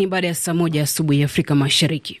ni baada ya saa moja asubuhi ya Afrika Mashariki.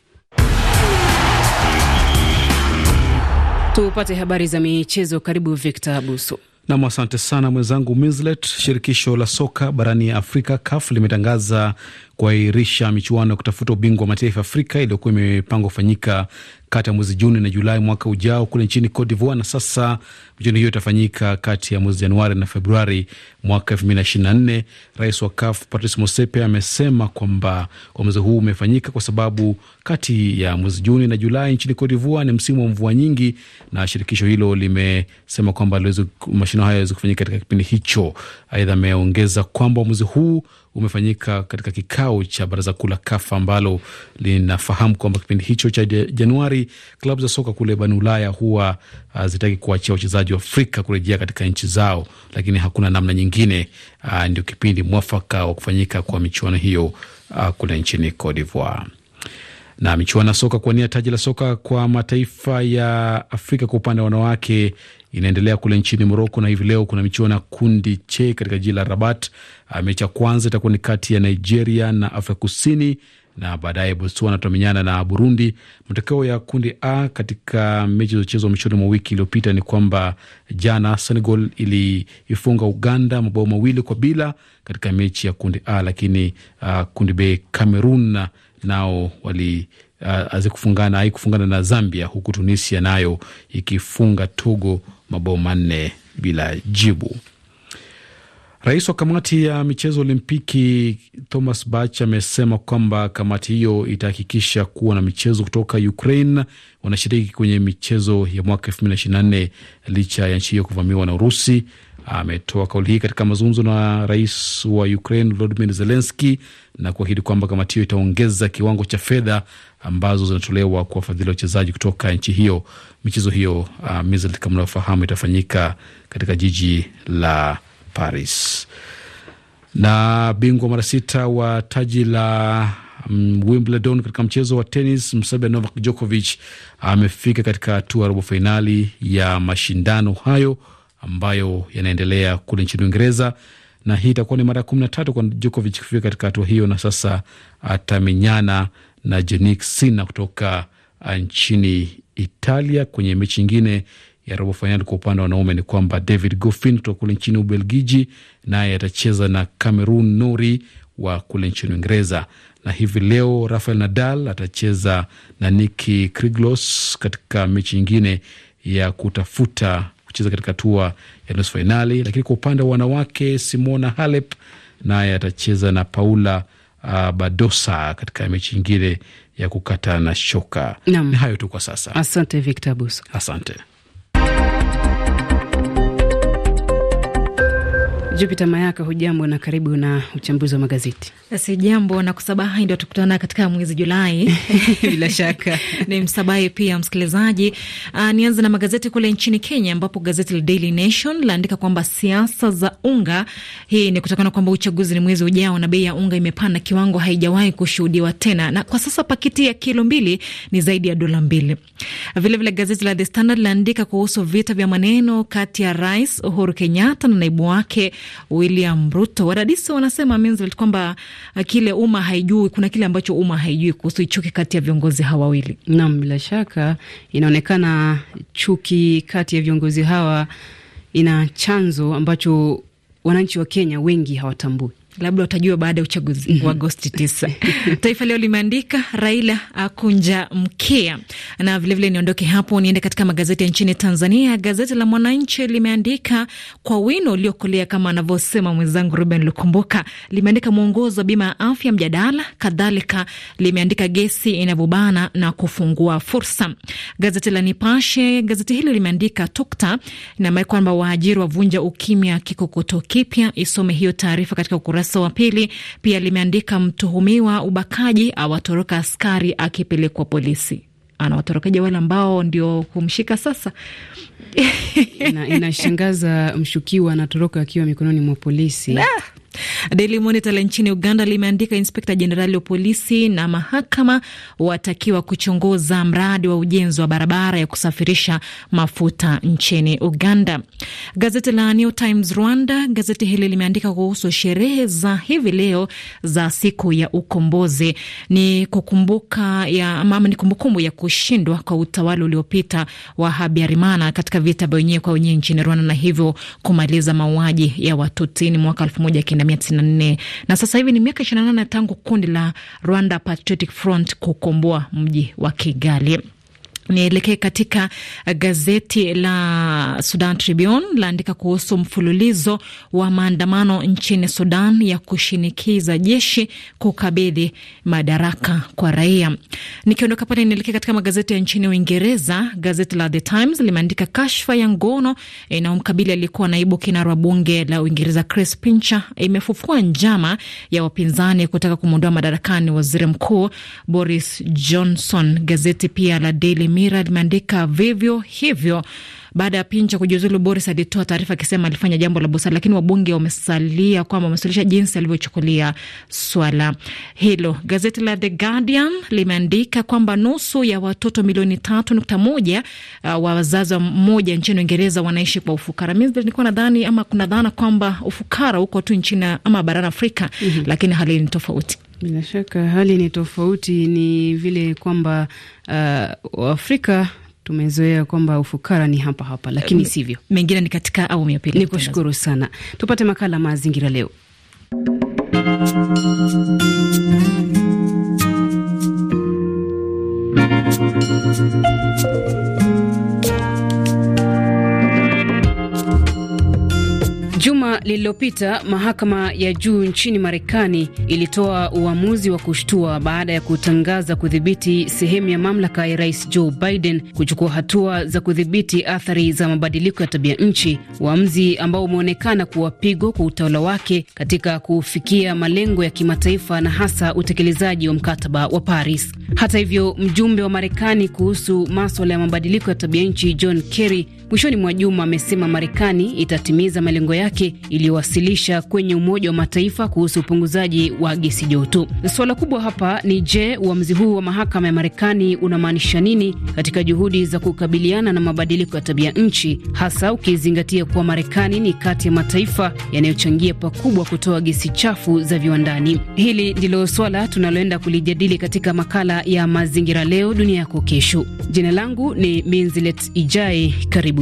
Tupate habari za michezo. Karibu Victor Abuso. Nam, asante sana mwenzangu Mislet. Shirikisho la soka barani Afrika, CAF, limetangaza kuahirisha michuano ya kutafuta ubingwa wa mataifa Afrika iliyokuwa imepangwa kufanyika kati ya mwezi Juni na Julai mwaka ujao kule nchini Cote d'Ivoire, na sasa michuano hiyo itafanyika kati ya mwezi Januari na Februari mwaka elfu mbili na nne. Rais wa CAF Patrice Motsepe amesema kwamba uamuzi huu umefanyika kwa sababu kati ya mwezi Juni na Julai nchini Cote d'Ivoire ni msimu wa mvua nyingi, na shirikisho hilo limesema kwamba mashindano hayo yaweze kufanyika katika kipindi hicho. Aidha ameongeza kwamba uamuzi huu umefanyika katika kikao cha baraza kuu la KAFA ambalo linafahamu kwamba kipindi hicho cha Januari klabu za soka kule barani Ulaya huwa ah, zitaki kuachia wachezaji wa Afrika kurejea katika nchi zao, lakini hakuna namna nyingine. Uh, ndio kipindi mwafaka wa kufanyika kwa michuano hiyo uh, kule nchini Cote d'Ivoire na michuano ya soka kuwania taji la soka kwa mataifa ya Afrika kwa upande wa wanawake inaendelea kule nchini Moroko, na hivi leo kuna michuano ya kundi che katika jiji la Rabat. Ah, mechi ya kwanza itakuwa ni kati ya Nigeria na Afrika Kusini na baadaye Botswana tutamenyana na Burundi. Matokeo ya kundi A katika mechi zilizochezwa mwishoni mwa wiki iliyopita ni kwamba jana Senegal iliifunga Uganda mabao mawili kwa bila katika mechi ya kundi A, lakini uh, kundi B Cameroon nao wali uh, ah, azikufungana haikufungana na Zambia, huku Tunisia nayo ikifunga Togo mabao manne bila jibu. Rais wa kamati ya michezo Olimpiki Thomas Bach amesema kwamba kamati hiyo itahakikisha kuwa na michezo kutoka Ukraine wanashiriki kwenye michezo ya mwaka elfu mbili na ishirini na nne licha ya nchi hiyo kuvamiwa na Urusi ametoa kauli hii katika mazungumzo na rais wa Ukraine Volodymyr Zelensky na kuahidi kwamba kamati hiyo itaongeza kiwango cha fedha ambazo zinatolewa kwa kuwafadhili wachezaji kutoka nchi hiyo. Michezo hiyo uh, kama unavyofahamu itafanyika katika jiji la Paris. Na bingwa mara sita wa taji la um, Wimbledon katika mchezo wa tenis, Mserbia Novak Djokovic amefika katika hatua robo fainali ya mashindano hayo ambayo yanaendelea kule nchini Uingereza, na hii itakuwa ni mara ya kumi na tatu kwa Djokovic kufika katika hatua hiyo, na sasa atamenyana na Jannik Sinner kutoka uh, nchini Italia. Kwenye mechi nyingine ya robo fainali kwa upande wa wanaume ni kwamba David Goffin kutoka kule nchini Ubelgiji naye atacheza na Cameron nori wa kule nchini Uingereza, na hivi leo Rafael Nadal atacheza na Niki Kyrgios katika mechi nyingine ya kutafuta kucheza katika hatua ya nusu fainali. Lakini kwa upande wa wanawake, Simona Halep naye atacheza na Paula uh, Badosa katika mechi ingine ya kukata na shoka. Ni hayo tu kwa sasa. Asante Victor Buso, asante. Jupita Mayaka, hujambo na karibu na uchambuzi wa magazeti. jambo na kusabahi, ndio tukutana katika mwezi Julai bila shaka ni msabahi pia msikilizaji. Uh, nianze na magazeti kule nchini Kenya ambapo gazeti la Daily Nation laandika kwamba siasa za unga, hii ni kutokana kwamba uchaguzi ni mwezi ujao na bei ya unga imepanda kiwango haijawahi kushuhudiwa tena, na kwa sasa pakiti ya kilo mbili ni zaidi ya dola mbili. Vilevile gazeti la The Standard laandika kuhusu vita vya maneno kati ya Rais Uhuru Kenyatta na naibu wake William Ruto. Wadadisi wanasema kwamba uh, kile umma haijui, kuna kile ambacho umma haijui kuhusu chuki kati ya viongozi hawa wawili. Naam, bila shaka inaonekana chuki kati ya viongozi hawa ina chanzo ambacho wananchi wa Kenya wengi hawatambui labda utajua baada ya uchaguzi mm -hmm. wa mhm. Agosti tisa. Taifa Leo limeandika Raila akunja mkia, na vilevile niondoke hapo niende katika magazeti ya nchini Tanzania. Gazeti la Mwananchi limeandika kwa wino uliokolea kama anavyosema mwenzangu Ruben Lukumbuka, limeandika mwongozo wa bima ya afya mjadala, kadhalika limeandika gesi inavyobana na kufungua fursa. Gazeti la Nipashe, gazeti hilo limeandika tukta na kwamba waajiri wavunja ukimya kikokoto kipya. Isome hiyo taarifa katika ukurasa ukurasa wa pili pia limeandika mtuhumiwa ubakaji awatoroka askari akipelekwa polisi anawatorokeja wale ambao ndio humshika sasa. Inashangaza, mshukiwa anatoroka akiwa mikononi mwa polisi. Ah! Daily Monitor la nchini Uganda limeandika inspekta jenerali wa polisi na mahakama watakiwa kuchunguza mradi wa ujenzi wa barabara ya kusafirisha mafuta nchini Uganda. Gazeti la New Times Rwanda, gazeti hili limeandika kuhusu sherehe za hivi leo za siku ya ukombozi. Ni kukumbuka ya mama, ni kumbukumbu ya kushindwa kwa utawala uliopita wa Habyarimana katika vita vya wenyewe kwa wenyewe nchini Rwanda na hivyo kumaliza mauaji ya Watutsi mwaka elfu moja na mia na nne na sasa hivi ni miaka 28 nane tangu kundi la Rwanda Patriotic Front kukomboa mji wa Kigali. Nielekee katika eh, gazeti la Sudan Tribune laandika kuhusu mfululizo wa maandamano nchini Sudan ya kushinikiza jeshi kukabidhi madaraka kwa raia. Nikiondoka pale, nielekee katika magazeti ya nchini Uingereza. Gazeti la The Times limeandika kashfa ya ngono inayomkabili aliyekuwa naibu kinara wa bunge la Uingereza Chris Pincher imefufua njama ya wapinzani kutaka kumwondoa madarakani waziri mkuu Boris Johnson. Gazeti pia la Daily Mirad limeandika vivyo hivyo baada ya Pincha kujiuzulu, Boris alitoa taarifa akisema alifanya jambo la busara, lakini wabunge wamesalia kwamba wamesualisha jinsi alivyochukulia swala hilo. Gazeti la The Guardian limeandika kwamba nusu ya watoto milioni tatu nukta moja uh, wa wazazi mmoja nchini Uingereza wanaishi kwa ufukara. Mi nilikuwa nadhani ama kuna dhana kwamba ufukara huko tu nchini ama barani Afrika mm -hmm. Lakini hali ni tofauti. Bila shaka hali ni tofauti, ni vile kwamba uh, Waafrika Tumezoea kwamba ufukara ni hapa hapa, lakini eh, sivyo. Mengine ni katika awamu ya pili. Ni kushukuru sana, tupate makala mazingira leo lililopita mahakama ya juu nchini Marekani ilitoa uamuzi wa kushtua baada ya kutangaza kudhibiti sehemu ya mamlaka ya rais Joe Biden kuchukua hatua za kudhibiti athari za mabadiliko ya tabia nchi, uamuzi ambao umeonekana kuwa pigo kwa utawala wake katika kufikia malengo ya kimataifa na hasa utekelezaji wa mkataba wa Paris. Hata hivyo, mjumbe wa Marekani kuhusu maswala ya mabadiliko ya tabia nchi John Kerry Mwishoni mwa juma amesema Marekani itatimiza malengo yake iliyowasilisha kwenye Umoja wa Mataifa kuhusu upunguzaji wa gesi joto. Suala kubwa hapa ni je, uamuzi huu wa mahakama ya Marekani unamaanisha nini katika juhudi za kukabiliana na mabadiliko ya tabia nchi, hasa ukizingatia kuwa Marekani ni kati ya mataifa yanayochangia pakubwa kutoa gesi chafu za viwandani. Hili ndilo swala tunaloenda kulijadili katika makala ya Mazingira Leo Dunia Yako Kesho. Jina langu ni Minzilet Ijai. Karibu.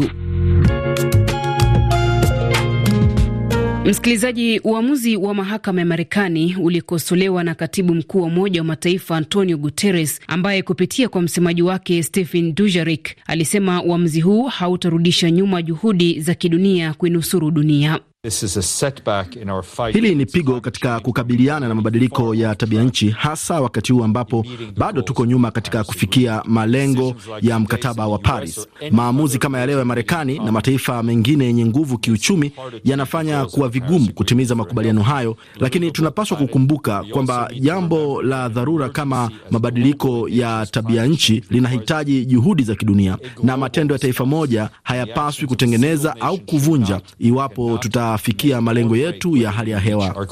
Msikilizaji, uamuzi wa mahakama ya Marekani ulikosolewa na katibu mkuu wa Umoja wa Mataifa Antonio Guterres, ambaye kupitia kwa msemaji wake Stephen Dujarric alisema uamuzi huu hautarudisha nyuma juhudi za kidunia kuinusuru dunia. This is a setback in our fight. Hili ni pigo katika kukabiliana na mabadiliko ya tabia nchi, hasa wakati huu ambapo bado tuko nyuma katika kufikia malengo ya mkataba wa Paris. Maamuzi kama ya leo ya Marekani na mataifa mengine yenye nguvu kiuchumi yanafanya kuwa vigumu kutimiza makubaliano hayo, lakini tunapaswa kukumbuka kwamba jambo la dharura kama mabadiliko ya tabia nchi linahitaji juhudi za kidunia, na matendo ya taifa moja hayapaswi kutengeneza au kuvunja iwapo tuta tutafikia malengo yetu ya hali ya hewa.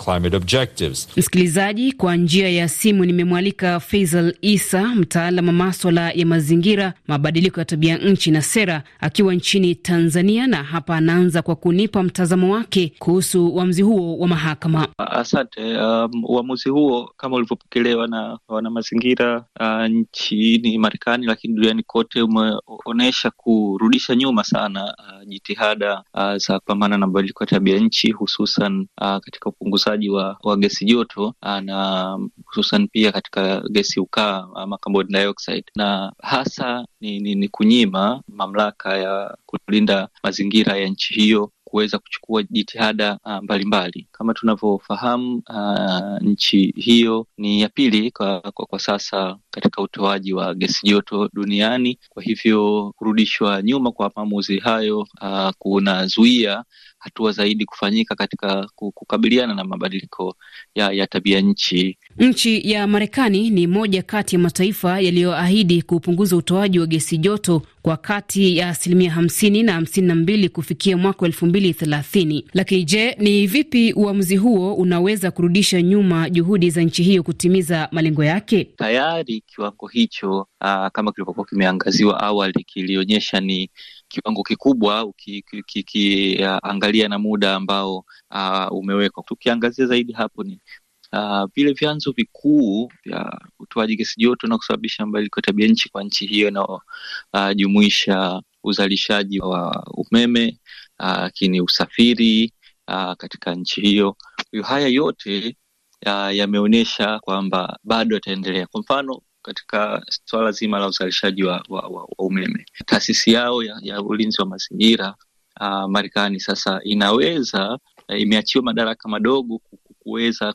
Msikilizaji, kwa njia ya simu nimemwalika Faisal Isa, mtaalam wa maswala ya mazingira, mabadiliko ya tabia nchi na sera, akiwa nchini Tanzania, na hapa anaanza kwa kunipa mtazamo wake kuhusu uamuzi huo wa mahakama. Asante. Um, uamuzi huo kama ulivyopokelewa na wana mazingira uh, nchini Marekani, lakini duniani kote umeonyesha kurudisha nyuma sana uh, jitihada uh, za kupambana na mabadiliko ya tabia nchi hususan uh, katika upunguzaji wa, wa gesi joto uh, na hususan pia katika gesi ukaa ama carbon dioxide, na hasa ni, ni, ni kunyima mamlaka ya kulinda mazingira ya nchi hiyo kuweza kuchukua jitihada ah, mbalimbali. Kama tunavyofahamu, ah, nchi hiyo ni ya pili kwa, kwa, kwa sasa katika utoaji wa gesi joto duniani. Kwa hivyo kurudishwa nyuma kwa maamuzi hayo ah, kunazuia hatua zaidi kufanyika katika kukabiliana na mabadiliko ya, ya tabia nchi. Nchi ya Marekani ni moja kati ya mataifa yaliyoahidi kupunguza utoaji wa gesi joto kwa kati ya asilimia hamsini na hamsini na mbili kufikia mwaka elfu mbili thelathini. Lakini je, ni vipi uamuzi huo unaweza kurudisha nyuma juhudi za nchi hiyo kutimiza malengo yake? Tayari kiwango hicho aa, ah, kama kilivyokuwa kimeangaziwa awali kilionyesha ni kiwango kikubwa ukiangalia ah, uh, na muda ambao uh, umewekwa. Tukiangazia zaidi hapo ni uh, vile vyanzo vikuu vya utoaji gesi joto na kusababisha mabadiliko ya tabia nchi kwa nchi hiyo inayojumuisha uh, uzalishaji wa umeme uh, lakini uh, usafiri uh, katika nchi hiyo. Haya yote uh, yameonyesha kwamba bado yataendelea. Kwa mfano katika swala zima la uzalishaji wa, wa, wa, wa umeme, taasisi yao ya, ya ulinzi wa mazingira uh, Marekani sasa inaweza uh, imeachiwa madaraka madogo kuweza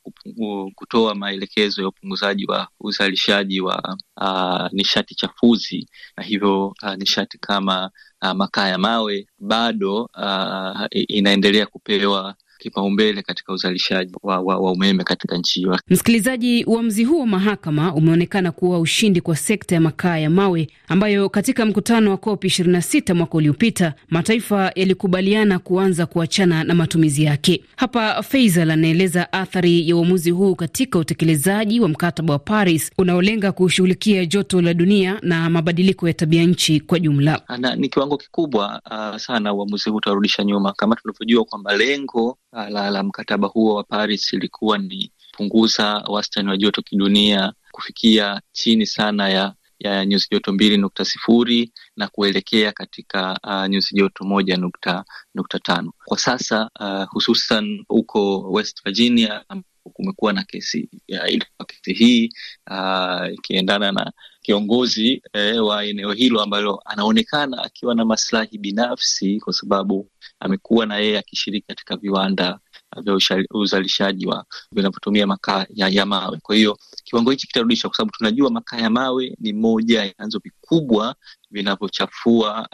kutoa maelekezo ya upunguzaji wa uzalishaji wa uh, nishati chafuzi na hivyo uh, nishati kama uh, makaa ya mawe bado uh, inaendelea kupewa kipaumbele katika uzalishaji wa, wa, wa umeme katika nchi hiyo. Msikilizaji, uamuzi huo mahakama umeonekana kuwa ushindi kwa sekta ya makaa ya mawe ambayo katika mkutano wa COP 26 mwaka uliopita mataifa yalikubaliana kuanza kuachana na matumizi yake. Hapa Faisal anaeleza athari ya uamuzi huu katika utekelezaji wa mkataba wa Paris unaolenga kushughulikia joto la dunia na mabadiliko ya tabia nchi kwa jumla. Ana, ni kiwango kikubwa uh, sana uamuzi huu utarudisha nyuma, kama tunavyojua kwamba lengo la, la mkataba huo wa Paris ilikuwa ni punguza wastani wa joto kidunia kufikia chini sana ya ya nyuzi joto mbili nukta sifuri na kuelekea katika uh, nyuzi joto moja nukta nukta tano kwa sasa uh, hususan huko West Virginia kumekuwa na kesi ya uh, ilikuwa kesi hii uh, ikiendana na kiongozi eh, wa eneo hilo ambalo anaonekana akiwa na maslahi binafsi, kwa sababu amekuwa na yeye akishiriki katika viwanda vya uzalishaji wa vinavyotumia makaa ya, ya mawe. Kwa hiyo kiwango hichi kitarudishwa, kwa sababu tunajua makaa ya mawe ni moja ya vyanzo vikubwa vinavyochafua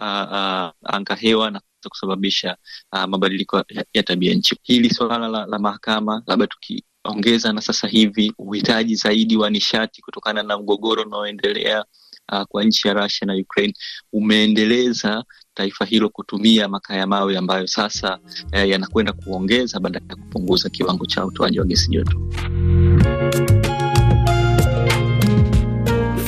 anga hewa na kusababisha mabadiliko ya, ya tabia nchi. Hili suala la, la mahakama labda tuki ongeza na sasa hivi uhitaji zaidi wa nishati kutokana na mgogoro unaoendelea uh, kwa nchi ya Russia na Ukraine umeendeleza taifa hilo kutumia makaa ya mawe ambayo sasa eh, yanakwenda kuongeza badala ya kupunguza kiwango cha utoaji wa gesi joto.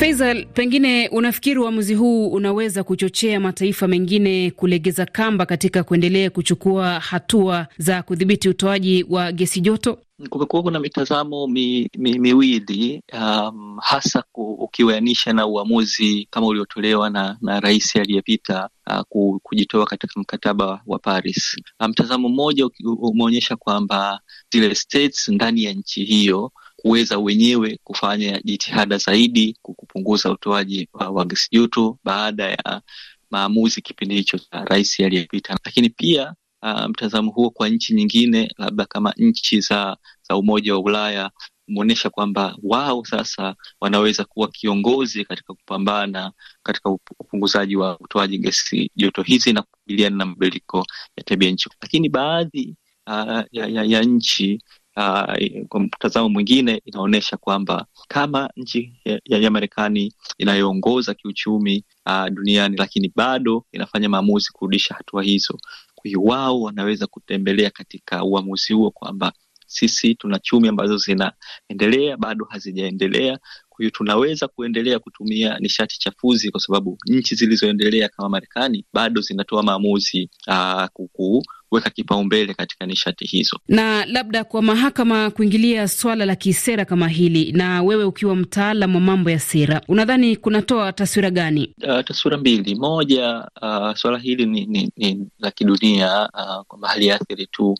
Faisal, pengine unafikiri uamuzi huu unaweza kuchochea mataifa mengine kulegeza kamba katika kuendelea kuchukua hatua za kudhibiti utoaji wa gesi joto? Kumekuwa kuna mitazamo mi, mi, miwili um, hasa ukiwanisha na uamuzi kama uliotolewa na, na rais aliyepita uh, kujitoa katika mkataba wa Paris. Uh, mtazamo um, mmoja umeonyesha kwamba zile states ndani ya nchi hiyo kuweza wenyewe kufanya jitihada zaidi kupunguza utoaji wa gesi joto baada ya maamuzi kipindi hicho cha rais aliyepita, lakini pia uh, mtazamo huo kwa nchi nyingine, labda kama nchi za, za Umoja wa Ulaya umeonyesha kwamba wao sasa wanaweza kuwa kiongozi katika kupambana katika upunguzaji wa utoaji gesi joto hizi na kukabiliana na mabadiliko ya tabia nchi, lakini baadhi uh, ya, ya, ya nchi Uh, kwa mtazamo mwingine inaonyesha kwamba kama nchi ya, ya Marekani inayoongoza kiuchumi uh, duniani, lakini bado inafanya maamuzi kurudisha hatua hizo. Kwa hiyo wao wanaweza kutembelea katika uamuzi huo kwamba sisi tuna chumi ambazo zinaendelea bado hazijaendelea hiyo tunaweza kuendelea kutumia nishati chafuzi kwa sababu nchi zilizoendelea kama Marekani bado zinatoa maamuzi ah, kukuu weka kipaumbele katika nishati hizo. Na labda kwa mahakama kuingilia swala la kisera kama hili, na wewe ukiwa mtaalam wa mambo ya sera, unadhani kunatoa taswira gani? Uh, taswira mbili. Moja, uh, swala hili ni, ni, ni la kidunia uh, kwamba haliathiri tu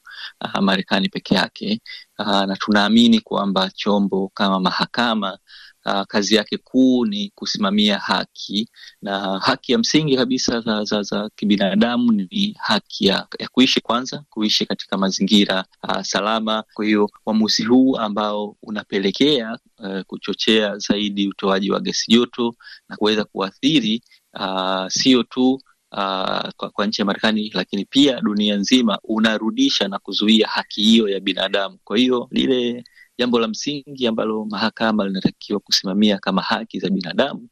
uh, Marekani peke yake, uh, na tunaamini kwamba chombo kama mahakama Uh, kazi yake kuu ni kusimamia haki na haki ya msingi kabisa za, za, za kibinadamu ni haki ya, ya kuishi kwanza, kuishi katika mazingira uh, salama. Kwa hiyo uamuzi huu ambao unapelekea uh, kuchochea zaidi utoaji wa gesi joto na kuweza kuathiri sio tu uh, kwa, kwa nchi ya Marekani lakini pia dunia nzima, unarudisha na kuzuia haki hiyo ya binadamu. Kwa hiyo lile jambo la msingi ambalo mahakama linatakiwa kusimamia kama haki za binadamu,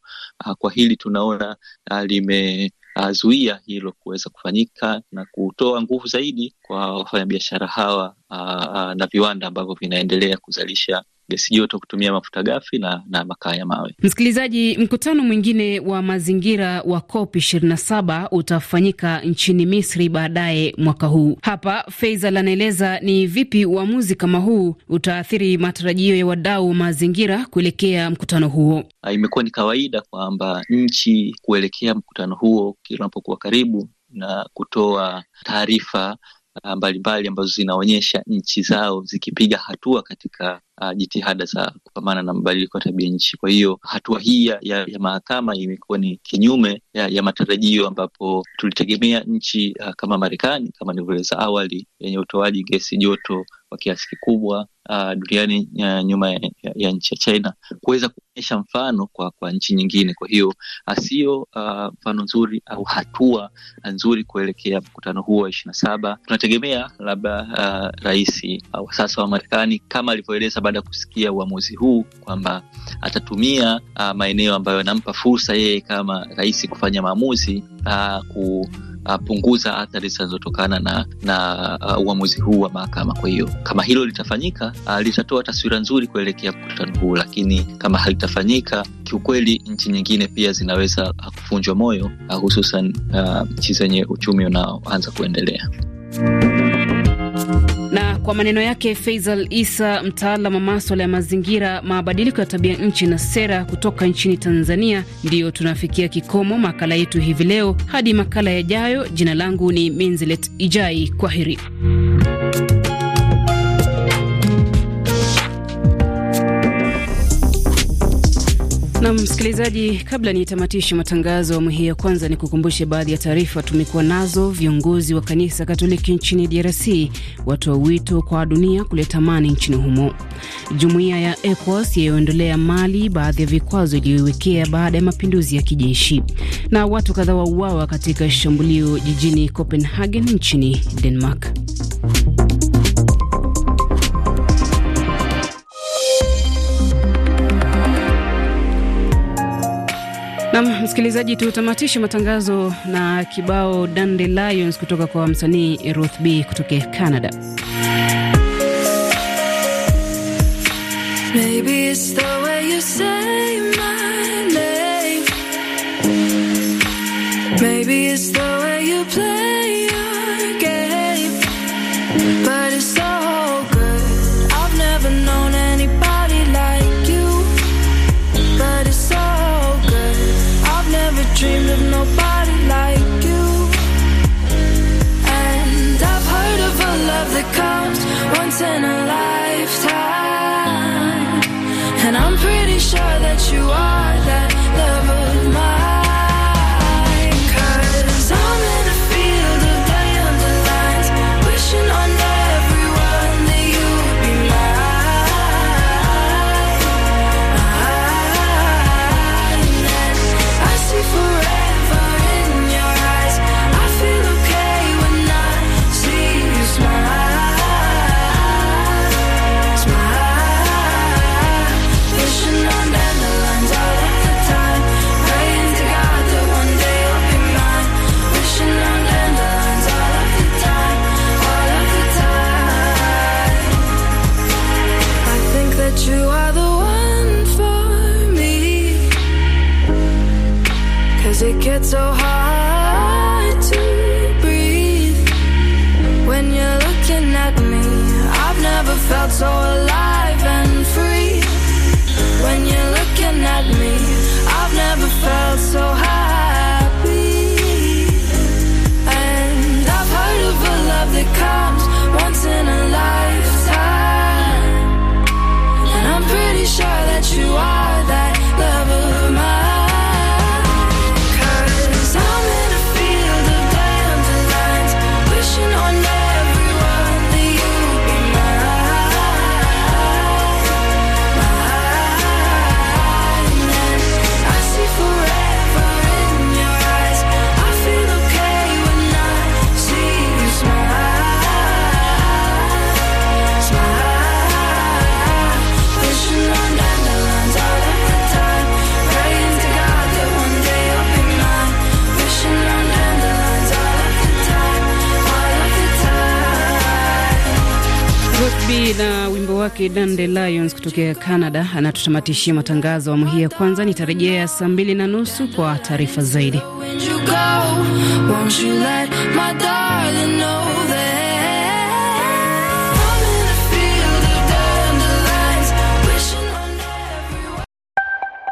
uh, kwa hili tunaona uh, lime azuia hilo kuweza kufanyika na kutoa nguvu zaidi kwa wafanyabiashara hawa aa, uh, aa, uh, na viwanda ambavyo vinaendelea kuzalisha gesi joto kutumia mafuta gafi na, na makaa ya mawe. Msikilizaji, mkutano mwingine wa mazingira wa COP 27 utafanyika nchini Misri baadaye mwaka huu. Hapa Faisal anaeleza ni vipi uamuzi kama huu utaathiri matarajio ya wadau wa mazingira kuelekea mkutano huo. Ah, imekuwa ni kawaida kwamba nchi kuelekea mkutano huo kinapokuwa karibu na kutoa taarifa Uh, mbalimbali ambazo zinaonyesha nchi zao zikipiga hatua katika uh, jitihada za kupambana na mabadiliko ya tabia nchi. Kwa hiyo hatua hii ya, ya mahakama imekuwa ni kinyume ya, ya matarajio, ambapo tulitegemea nchi uh, kama Marekani kama nilivyoeleza awali, yenye utoaji gesi joto kwa kiasi kikubwa uh, duniani uh, nyuma ya, ya, ya nchi ya China kuweza kuonyesha mfano kwa, kwa nchi nyingine. Kwa hiyo asiyo ah, uh, mfano nzuri au hatua nzuri kuelekea mkutano huo wa ishirini na saba. Tunategemea labda uh, rais wa uh, sasa wa Marekani kama alivyoeleza baada ya kusikia uamuzi huu kwamba atatumia uh, maeneo ambayo anampa fursa yeye kama rais kufanya maamuzi uh, ku uh, punguza athari zinazotokana na, na uh, uamuzi huu wa mahakama. Kwa hiyo kama hilo litafanyika, uh, litatoa taswira nzuri kuelekea mkutano huu, lakini kama halitafanyika, kiukweli nchi nyingine pia zinaweza uh, kuvunjwa moyo, uh, hususan uh, nchi uh, zenye uchumi unaoanza kuendelea. Na kwa maneno yake Faisal Isa, mtaalam wa maswala ya mazingira, mabadiliko ya tabia nchi na sera kutoka nchini Tanzania, ndiyo tunafikia kikomo makala yetu hivi leo. Hadi makala yajayo, jina langu ni Minzilet Ijai. Kwaheri. Na msikilizaji, kabla nitamatishe matangazo awamu hii ya kwanza, ni kukumbushe baadhi ya taarifa tumekuwa nazo. Viongozi wa kanisa Katoliki nchini DRC watoa wito kwa dunia kuleta amani nchini humo. Jumuiya ya ECOWAS yayoondolea Mali baadhi ya vikwazo iliyoiwekea baada ya mapinduzi ya kijeshi. Na watu kadhaa wauawa katika shambulio jijini Copenhagen nchini Denmark. Nam msikilizaji, tutamatishe matangazo na kibao lions kutoka kwa msanii Ruth B kutokea Canada. Maybe it's the you are na wimbo wake dande lions kutokea Canada anatutamatishia matangazo awamu hii ya kwanza. Nitarejea saa mbili na nusu kwa taarifa zaidi.